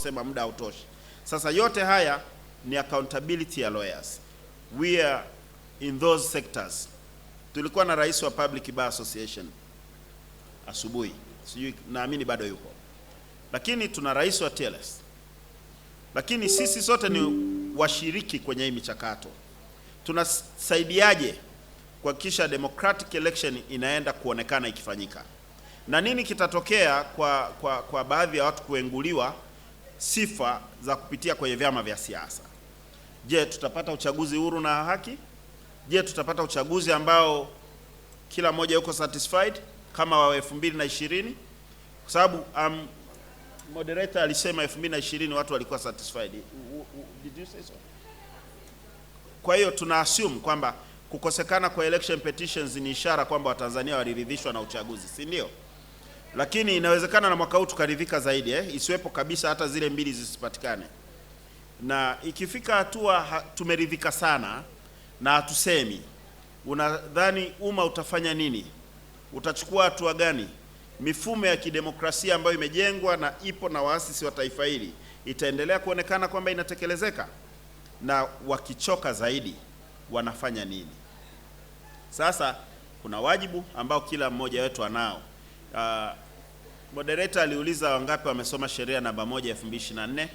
sema muda hautoshi. Sasa yote haya ni accountability ya lawyers. We are in those sectors. Tulikuwa na rais wa Public Bar Association asubuhi, sijui naamini bado yuko, lakini tuna rais wa TLS, lakini sisi sote ni washiriki kwenye hii michakato. Tunasaidiaje kuhakikisha democratic election inaenda kuonekana ikifanyika, na nini kitatokea kwa, kwa, kwa baadhi ya watu kuenguliwa sifa za kupitia kwenye vyama vya siasa. Je, tutapata uchaguzi huru na haki? Je, tutapata uchaguzi ambao kila mmoja yuko satisfied kama wa 2020? Kwa sababu um, moderator alisema 2020 watu walikuwa satisfied. Did you say so? Kwa hiyo tuna assume kwamba kukosekana kwa election petitions ni ishara kwamba Watanzania waliridhishwa na uchaguzi, si ndio? lakini inawezekana na mwaka huu tukaridhika zaidi eh, isiwepo kabisa, hata zile mbili zisipatikane. Na ikifika hatua tumeridhika sana na hatusemi, unadhani umma utafanya nini? Utachukua hatua gani? Mifumo ya kidemokrasia ambayo imejengwa na ipo na waasisi wa taifa hili itaendelea kuonekana kwamba inatekelezeka? Na wakichoka zaidi wanafanya nini? Sasa kuna wajibu ambao kila mmoja wetu anao Uh, moderator aliuliza wangapi wamesoma sheria namba moja nne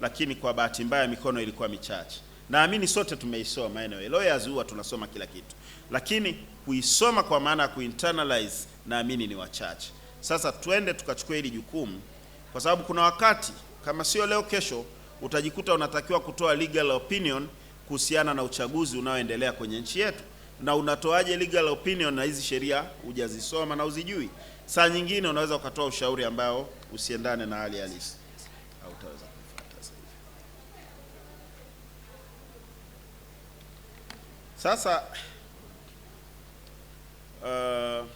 lakini kwa bahati mbaya mikono ilikuwa michache. Naamini sote tumeisoma hilo Lawyers huwa tunasoma kila kitu, lakini kuisoma kwa maana ya kuinternalize naamini ni wachache. Sasa twende tukachukua hili jukumu, kwa sababu kuna wakati kama sio leo, kesho utajikuta unatakiwa kutoa legal opinion kuhusiana na uchaguzi unaoendelea kwenye nchi yetu na unatoaje legal opinion na hizi sheria hujazisoma na uzijui. Saa nyingine unaweza ukatoa ushauri ambao usiendane na hali halisi, kufuata sasa. Sasa uh,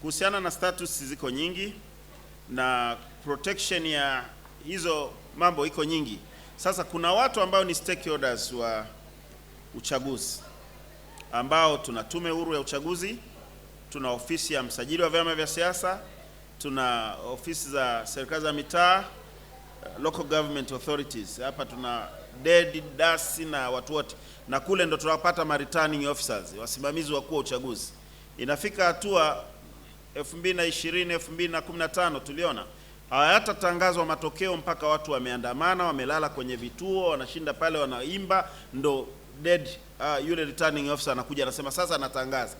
kuhusiana na status ziko nyingi na protection ya hizo mambo iko nyingi. Sasa kuna watu ambao ni stakeholders wa uchaguzi ambao tuna tume huru ya uchaguzi, tuna ofisi ya msajili wa vyama vya siasa, tuna ofisi za serikali za mitaa, eh, local government authorities. Hapa tuna DED, DASI na watu wote, na kule ndo tunapata ma returning officers, wasimamizi wakuu wa uchaguzi. Inafika hatua 2020 2015 tuliona hayatatangazwa matokeo mpaka watu wameandamana, wamelala kwenye vituo, wanashinda pale, wanaimba ndo dead uh, yule returning officer anakuja anasema sasa anatangaza,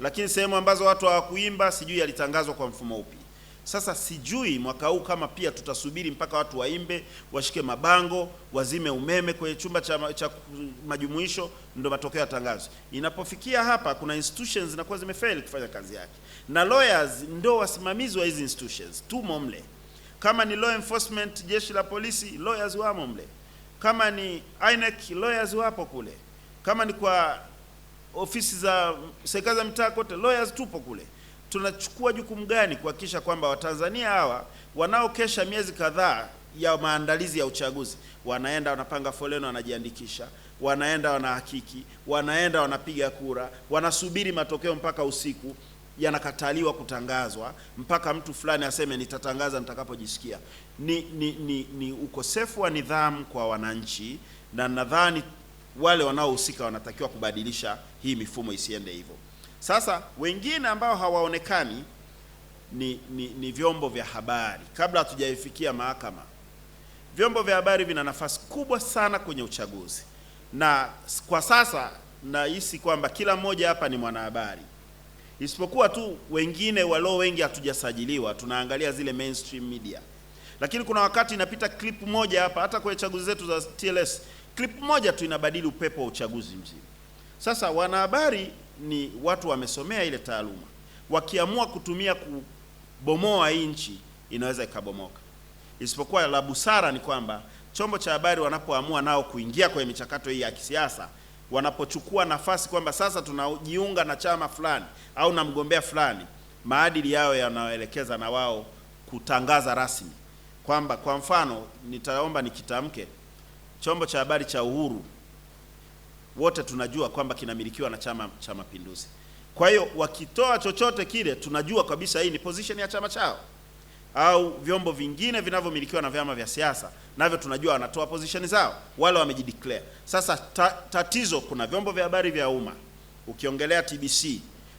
lakini sehemu ambazo watu hawakuimba sijui yalitangazwa kwa mfumo upi. Sasa sijui mwaka huu kama pia tutasubiri mpaka watu waimbe, washike mabango, wazime umeme kwenye chumba cha, cha majumuisho, ndio matokeo yatangazwe. Inapofikia hapa, kuna institutions zinakuwa zimefail kufanya kazi yake, na lawyers ndio wasimamizi wa hizi institutions, tumo mle. Kama ni law enforcement, jeshi la polisi, lawyers wamo mle kama ni INEC lawyers wapo kule, kama ni kwa ofisi za serikali za mitaa kote lawyers tupo kule. Tunachukua jukumu gani kuhakikisha kwamba Watanzania hawa wanaokesha miezi kadhaa ya maandalizi ya uchaguzi wanaenda wanapanga foleni, wanajiandikisha, wanaenda wanahakiki, wanaenda wanapiga kura, wanasubiri matokeo mpaka usiku yanakataliwa kutangazwa mpaka mtu fulani aseme nitatangaza nitakapojisikia. Ni, ni, ni, ni ukosefu wa nidhamu kwa wananchi, na nadhani wale wanaohusika wanatakiwa kubadilisha hii mifumo isiende hivyo. Sasa wengine ambao hawaonekani ni, ni, ni vyombo vya habari. Kabla hatujaifikia mahakama, vyombo vya habari vina nafasi kubwa sana kwenye uchaguzi, na kwa sasa nahisi kwamba kila mmoja hapa ni mwanahabari isipokuwa tu wengine walio wengi hatujasajiliwa, tunaangalia zile mainstream media. Lakini kuna wakati inapita clip moja hapa, hata kwenye chaguzi zetu za TLS clip moja tu inabadili upepo wa uchaguzi mzima. Sasa wanahabari ni watu wamesomea ile taaluma, wakiamua kutumia kubomoa hii nchi inaweza ikabomoka. Isipokuwa la busara ni kwamba chombo cha habari wanapoamua nao kuingia kwenye michakato hii ya kisiasa wanapochukua nafasi kwamba sasa tunajiunga na chama fulani au na mgombea fulani, maadili yao yanaelekeza na wao kutangaza rasmi kwamba, kwa mfano, nitaomba nikitamke, chombo cha habari cha Uhuru wote tunajua kwamba kinamilikiwa na Chama cha Mapinduzi. Kwa hiyo wakitoa chochote kile, tunajua kabisa hii ni position ya chama chao au vyombo vingine vinavyomilikiwa na vyama vya siasa, navyo tunajua wanatoa position zao, wale wamejideclare. Sasa ta, tatizo kuna vyombo vya habari vya umma, ukiongelea TBC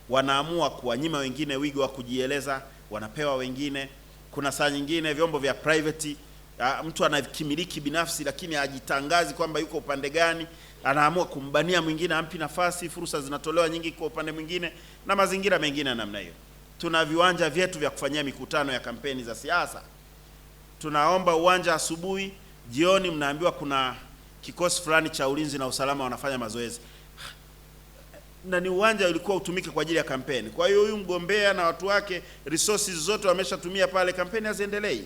wanaamua kuwanyima wengine wigo wa kujieleza, wanapewa wengine. Kuna saa nyingine vyombo vya private mtu anakimiliki binafsi lakini hajitangazi kwamba yuko upande gani, anaamua kumbania mwingine, ampi nafasi, fursa zinatolewa nyingi kwa upande mwingine na mazingira mengine ya namna hiyo tuna viwanja vyetu vya kufanyia mikutano ya kampeni za siasa. Tunaomba uwanja asubuhi, jioni mnaambiwa kuna kikosi fulani cha ulinzi na usalama wanafanya mazoezi, na ni uwanja ulikuwa utumike kwa ajili ya kampeni. Kwa hiyo huyu mgombea na watu wake resources zote wameshatumia pale, kampeni haziendelei.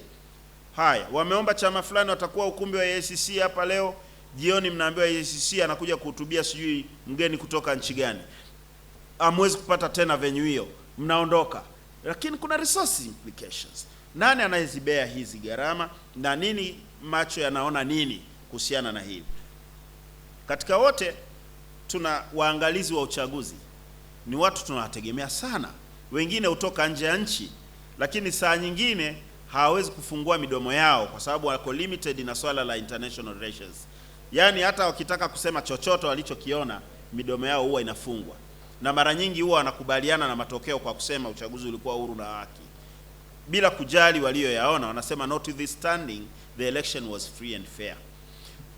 Haya, wameomba chama fulani watakuwa ukumbi wa ACC hapa leo jioni, mnaambiwa ACC anakuja kuhutubia sijui mgeni kutoka nchi gani. Hamwezi kupata tena venue hiyo mnaondoka. Lakini kuna resource implications. Nani anayezibea hizi gharama na nini, macho yanaona nini kuhusiana na hili? Katika wote tuna waangalizi wa uchaguzi, ni watu tunawategemea sana, wengine hutoka nje ya nchi, lakini saa nyingine hawawezi kufungua midomo yao kwa sababu wako limited na swala la international relations. Yaani hata wakitaka kusema chochote walichokiona midomo yao huwa inafungwa na mara nyingi huwa wanakubaliana na matokeo kwa kusema uchaguzi ulikuwa huru na haki, bila kujali walioyaona. Wanasema notwithstanding the election was free and fair,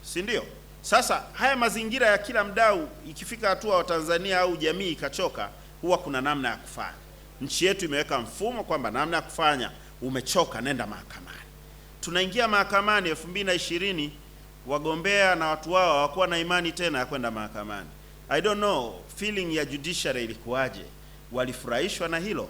si ndio? Sasa haya mazingira ya kila mdau, ikifika hatua Watanzania au jamii ikachoka, huwa kuna namna ya kufanya. Nchi yetu imeweka mfumo kwamba namna ya kufanya, umechoka, nenda mahakamani. Tunaingia mahakamani 2020 wagombea na watu wao hawakuwa na imani tena ya kwenda mahakamani. I don't know feeling ya judiciary ilikuwaje, walifurahishwa na hilo?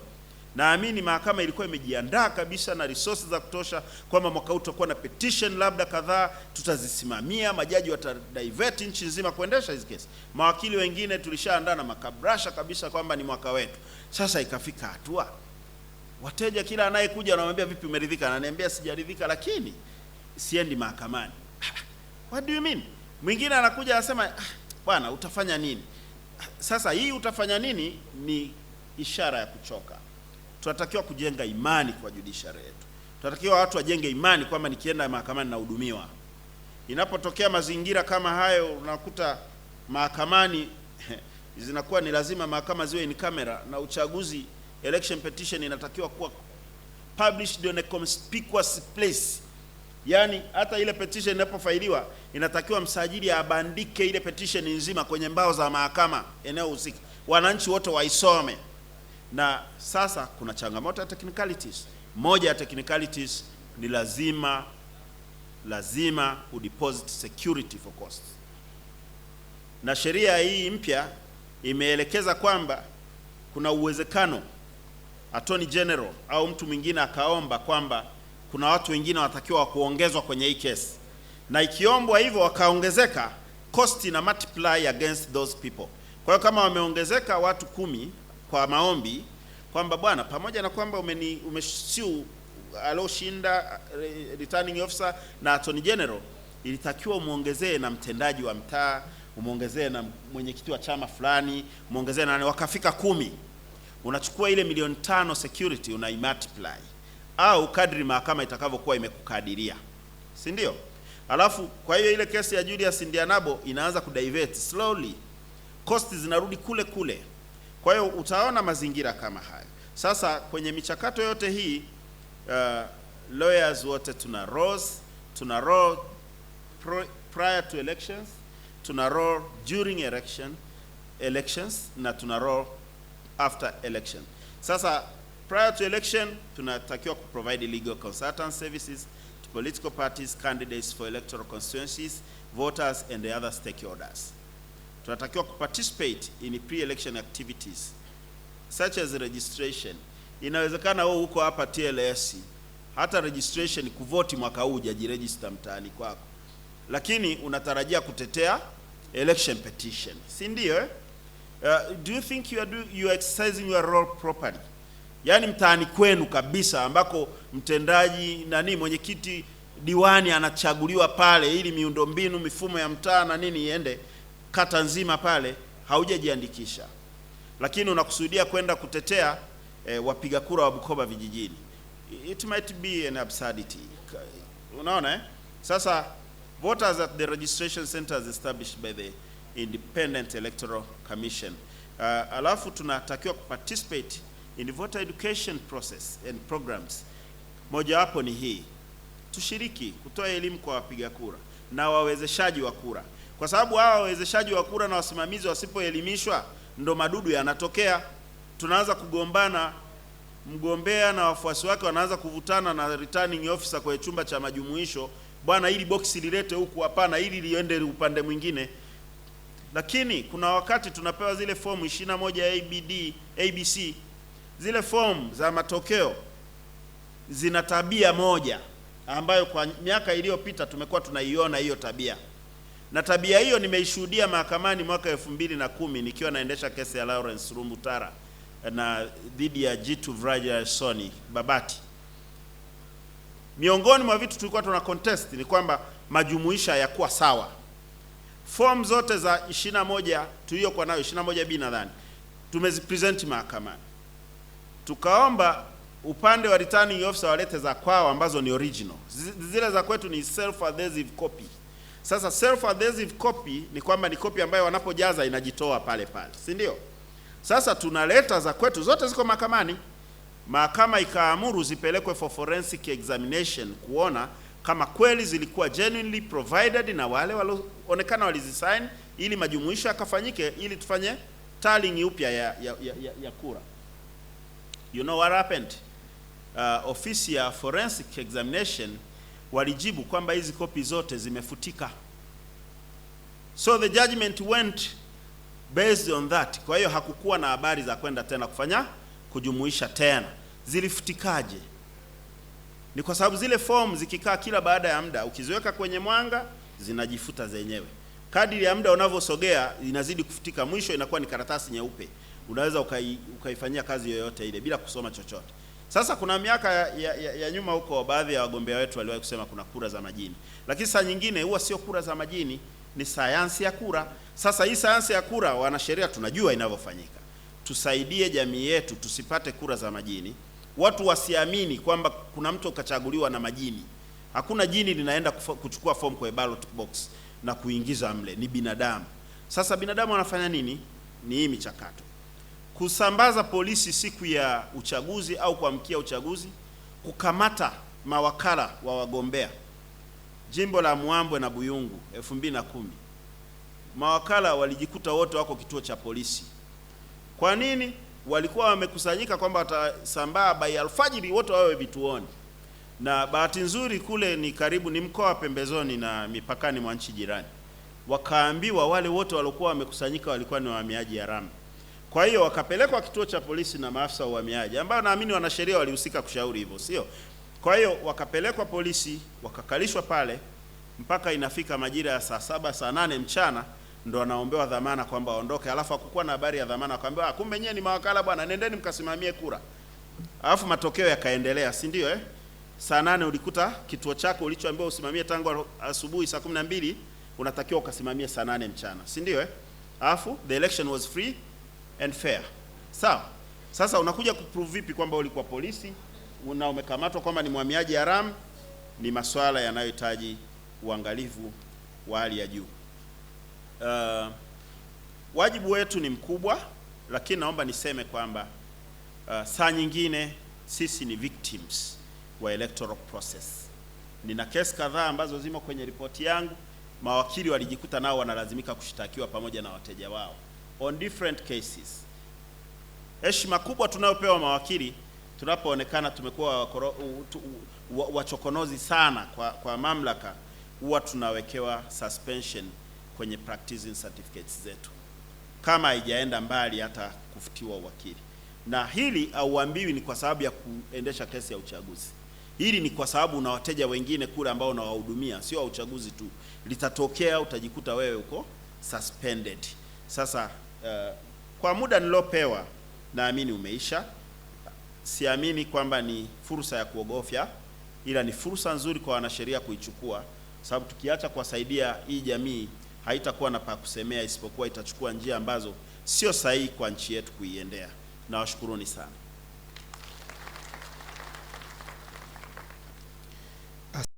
Naamini mahakama ilikuwa imejiandaa kabisa na resources za kutosha, kwamba mwaka huu tutakuwa na petition labda kadhaa, tutazisimamia, majaji watadivert nchi nzima kuendesha hizi kesi. Mawakili wengine tulishaandaa na makabrasha kabisa kwamba ni mwaka wetu. Sasa ikafika hatua wateja, kila anayekuja anamwambia vipi, umeridhika? Ananiambia sijaridhika, lakini siendi mahakamani. What do you mean? Mwingine anakuja anasema ah, bwana, utafanya nini? Sasa hii utafanya nini ni ishara ya kuchoka. Tunatakiwa kujenga imani kwa judiciary yetu, tunatakiwa watu wajenge imani kwamba nikienda mahakamani nahudumiwa. Inapotokea mazingira kama hayo, unakuta mahakamani zinakuwa ni lazima mahakama ziwe ni kamera na uchaguzi, election petition inatakiwa kuwa published on a conspicuous place Yaani hata ile petition inapofailiwa inatakiwa msajili abandike ile petition nzima kwenye mbao za mahakama eneo husika, wananchi wote waisome. Na sasa kuna changamoto ya technicalities. Moja ya technicalities ni lazima lazima udeposit security for costs, na sheria hii mpya imeelekeza kwamba kuna uwezekano Attorney General au mtu mwingine akaomba kwamba kuna watu wengine wanatakiwa kuongezwa kwenye hii kesi, na ikiombwa hivyo wakaongezeka, cost ina multiply against those people. Kwa hiyo kama wameongezeka watu kumi kwa maombi kwamba bwana, pamoja na kwamba umeni umesiu aloshinda returning officer na attorney general, ilitakiwa umwongezee na mtendaji wa mtaa, umwongezee na mwenyekiti wa chama fulani, umwongezee na wakafika kumi, unachukua ile milioni tano security una multiply au kadri mahakama itakavyokuwa imekukadiria, si ndio? Alafu kwa hiyo ile kesi ya Julius Ndianabo inaanza kudivert slowly, cost zinarudi kule kule. Kwa hiyo utaona mazingira kama hayo. Sasa kwenye michakato yote hii uh, lawyers wote tuna roles, tuna role prior to elections, tuna role during election, elections na tuna role after election. Sasa Prior to election, tunatakiwa kuprovide legal consultant services to political parties, candidates for electoral constituencies, voters and the other stakeholders. Tunatakiwa kuparticipate in pre-election activities such as registration. Inawezekana wewe uko hapa TLS, hata registration kuvoti mwaka huu hujajiregister mtaani kwako, lakini unatarajia kutetea election petition, si ndio eh? Uh, do you think you are, do, you are exercising your role properly? yaani mtaani kwenu kabisa, ambako mtendaji nani, mwenyekiti, diwani anachaguliwa pale, ili miundombinu, mifumo ya mtaa na nini iende kata nzima pale, haujajiandikisha lakini unakusudia kwenda kutetea e, wapiga kura wa Bukoba vijijini, it might be an absurdity. Unaona eh? Sasa voters at the registration centers established by the Independent Electoral Commission. Uh, alafu tunatakiwa kuparticipate in voter education process and programs, mojawapo ni hii, tushiriki kutoa elimu kwa wapiga kura na wawezeshaji wa kura, kwa sababu hawa wawezeshaji wa kura na wasimamizi wasipoelimishwa, ndo madudu yanatokea. Tunaanza kugombana, mgombea na wafuasi wake wanaanza kuvutana na returning officer kwenye chumba cha majumuisho, bwana, ili boksi lilete huku, hapana, ili liende upande mwingine. Lakini kuna wakati tunapewa zile fomu 21 ABD, ABC Zile fomu za matokeo zina tabia moja ambayo kwa miaka iliyopita tumekuwa tunaiona hiyo tabia, na tabia hiyo nimeishuhudia mahakamani mwaka elfu mbili na kumi nikiwa naendesha kesi ya Lawrence Rumbutara eh, na dhidi ya Jitu Vrajasoni Babati. Miongoni mwa vitu tulikuwa tuna contest ni kwamba majumuisha ya kuwa sawa, fomu zote za 21 tuliyokuwa nayo 21B nadhani tumezipresent mahakamani tukaomba upande wa returning officer walete za kwao ambazo ni original, zile za kwetu ni self adhesive copy. Sasa self adhesive copy ni kwamba ni copy ambayo wanapojaza inajitoa pale pale, si ndio? Sasa tunaleta za kwetu, zote ziko mahakamani. Mahakama ikaamuru zipelekwe for forensic examination kuona kama kweli zilikuwa genuinely provided na wale walioonekana walizisign, ili majumuisho yakafanyike, ili tufanye tallying upya ya, ya, ya, ya kura. You know what happened? Uh, ofisi ya forensic examination walijibu kwamba hizi kopi zote zimefutika, so the judgment went based on that. Kwa hiyo hakukuwa na habari za kwenda tena kufanya kujumuisha tena. Zilifutikaje? Ni kwa sababu zile fomu zikikaa kila baada ya muda, ukiziweka kwenye mwanga zinajifuta zenyewe. Kadiri ya muda unavyosogea inazidi kufutika, mwisho inakuwa ni karatasi nyeupe unaweza ukai, ukaifanyia kazi yoyote ile bila kusoma chochote. Sasa kuna miaka ya, ya, ya nyuma huko baadhi ya wagombea wetu waliwahi kusema kuna kura za majini, lakini saa nyingine huwa sio kura za majini, ni sayansi ya kura. Sasa hii sayansi ya kura, wanasheria tunajua inavyofanyika. Tusaidie jamii yetu tusipate kura za majini, watu wasiamini kwamba kuna mtu ukachaguliwa na majini. Hakuna jini linaenda kuchukua fomu kwa ballot box na kuingiza mle, ni binadamu. Sasa binadamu anafanya nini? Ni hii michakato kusambaza polisi siku ya uchaguzi au kuamkia uchaguzi, kukamata mawakala wa wagombea jimbo la Mwambwe na Buyungu 2010 mawakala walijikuta wote wako kituo cha polisi. Kwa nini? Walikuwa wamekusanyika kwamba watasambaa bai alfajiri wote wawe vituoni, na bahati nzuri kule ni karibu, ni mkoa pembezoni na mipakani mwa nchi jirani. Wakaambiwa wale wote waliokuwa wamekusanyika walikuwa ni wahamiaji haramu. Kwa hiyo wakapelekwa kituo cha polisi na maafisa wa uhamiaji ambao naamini wanasheria walihusika kushauri hivyo, sio? Kwa hiyo wakapelekwa polisi, wakakalishwa pale mpaka inafika majira ya saa saba saa nane mchana ndo wanaombewa dhamana kwamba waondoke, alafu hakukuwa na habari ya dhamana, akamwambia ah, kumbe nyewe ni mawakala bwana, nendeni mkasimamie kura. Alafu matokeo yakaendelea, si ndio eh? Saa nane ulikuta kituo chako ulichoambiwa usimamie tangu asubuhi saa kumi na mbili unatakiwa ukasimamie saa nane mchana, si ndio eh? Alafu the election was free and fair. Sawa. Sasa unakuja kuprove vipi kwamba ulikuwa polisi na umekamatwa kwamba ni mhamiaji haramu? Ni masuala yanayohitaji uangalifu wa hali ya juu. Uh, wajibu wetu ni mkubwa, lakini naomba niseme kwamba uh, saa nyingine sisi ni victims wa electoral process. Nina kesi kadhaa ambazo zimo kwenye ripoti yangu, mawakili walijikuta nao wanalazimika kushtakiwa pamoja na wateja wao on different cases. Heshima kubwa tunayopewa mawakili tunapoonekana tumekuwa wachokonozi sana kwa, kwa mamlaka huwa tunawekewa suspension kwenye practicing certificates zetu kama haijaenda mbali hata kufutiwa uwakili. Na hili hauambiwi ni kwa sababu ya kuendesha kesi ya uchaguzi. Hili ni kwa sababu una wateja wengine kule ambao unawahudumia, sio wa uchaguzi tu. Litatokea utajikuta wewe uko suspended. Sasa Eh, kwa muda nilopewa naamini umeisha. Siamini kwamba ni fursa ya kuogofya, ila ni fursa nzuri kwa wanasheria kuichukua, sababu tukiacha kuwasaidia hii jamii haitakuwa na pa kusemea, isipokuwa itachukua njia ambazo sio sahihi kwa nchi yetu kuiendea. Nawashukuruni sana.